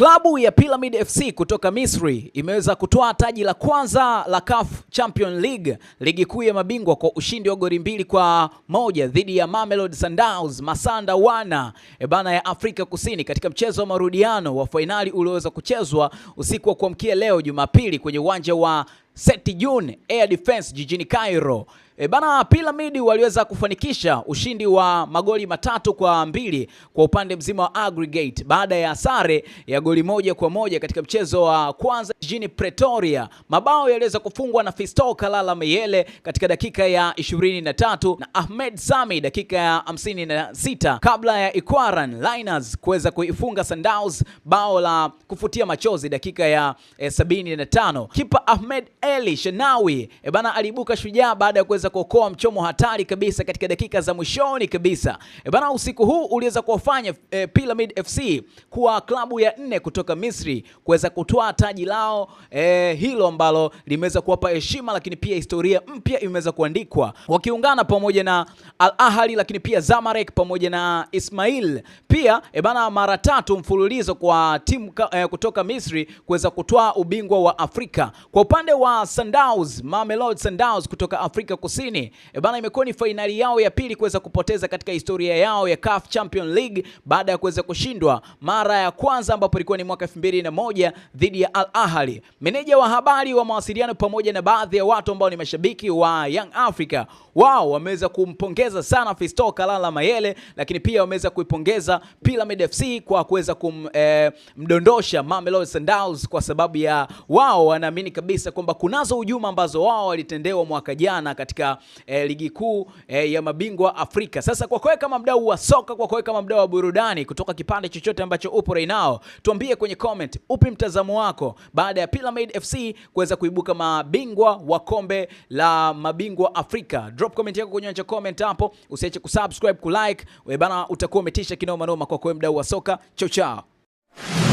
Klabu ya Pyramid FC kutoka Misri imeweza kutoa taji la kwanza la CAF Champions League, ligi kuu ya mabingwa kwa ushindi wa goli mbili kwa moja dhidi ya Mamelodi Sundowns Masanda wana ebana eh, ya Afrika Kusini katika mchezo wa marudiano wa fainali ulioweza kuchezwa usiku wa kuamkia leo Jumapili kwenye uwanja wa Seti June Air Defense jijini Cairo. E bana, Pyramid waliweza kufanikisha ushindi wa magoli matatu kwa mbili kwa upande mzima wa aggregate baada ya sare ya goli moja kwa moja katika mchezo wa kwanza jijini Pretoria. Mabao yaliweza kufungwa na Fisto Kalala Mayele katika dakika ya 23 na Ahmed Sami dakika ya 56 kabla ya Ikwaran Liners kuweza kuifunga Sundowns bao la kufutia machozi dakika ya eh, 75. Kipa Ahmed Eli Shenawi e bana alibuka shujaa baada ya kuweza kuokoa mchomo hatari kabisa katika dakika za mwishoni kabisa. E bana usiku huu uliweza kuwafanya e, Pyramid FC kuwa klabu ya nne kutoka Misri kuweza kutoa taji lao e, hilo ambalo limeweza kuwapa heshima, lakini pia historia mpya imeweza kuandikwa wakiungana pamoja na Al Ahly, lakini pia Zamalek pamoja na Ismail pia e bana, mara tatu mfululizo kwa timu e, kutoka Misri kuweza kutoa ubingwa wa Afrika kwa upande wa kwa Sundowns, Mamelodi Sundowns kutoka Afrika Kusini. E bana, imekuwa ni fainali yao ya pili kuweza kupoteza katika historia yao ya CAF Champion League baada ya kuweza kushindwa mara ya kwanza ambapo ilikuwa ni mwaka 2001 dhidi ya Al Ahly. Meneja wa habari wa mawasiliano pamoja na baadhi ya watu ambao ni mashabiki wa Young Africa wao wameweza kumpongeza sana Fiston Kalala Mayele, lakini pia wameweza kuipongeza Pyramid FC kwa kuweza kumdondosha eh, Mamelodi Sundowns kwa sababu ya wao wanaamini kabisa kwamba kunazo hujuma ambazo wao walitendewa mwaka jana katika eh, ligi kuu eh, ya mabingwa Afrika. Sasa kwa kweli kama mdau wa soka, kwa kweli kama mdau wa burudani, kutoka kipande chochote ambacho upo right now, tuambie kwenye comment upi mtazamo wako baada ya Pyramid FC kuweza kuibuka mabingwa wa kombe la mabingwa Afrika Drop drop comment yako kwenye anja comment hapo, usiache kusubscribe, kulike, wewe bana, utakuwa umetisha kinoma noma kwa kwa mdau wa soka. Chao chao.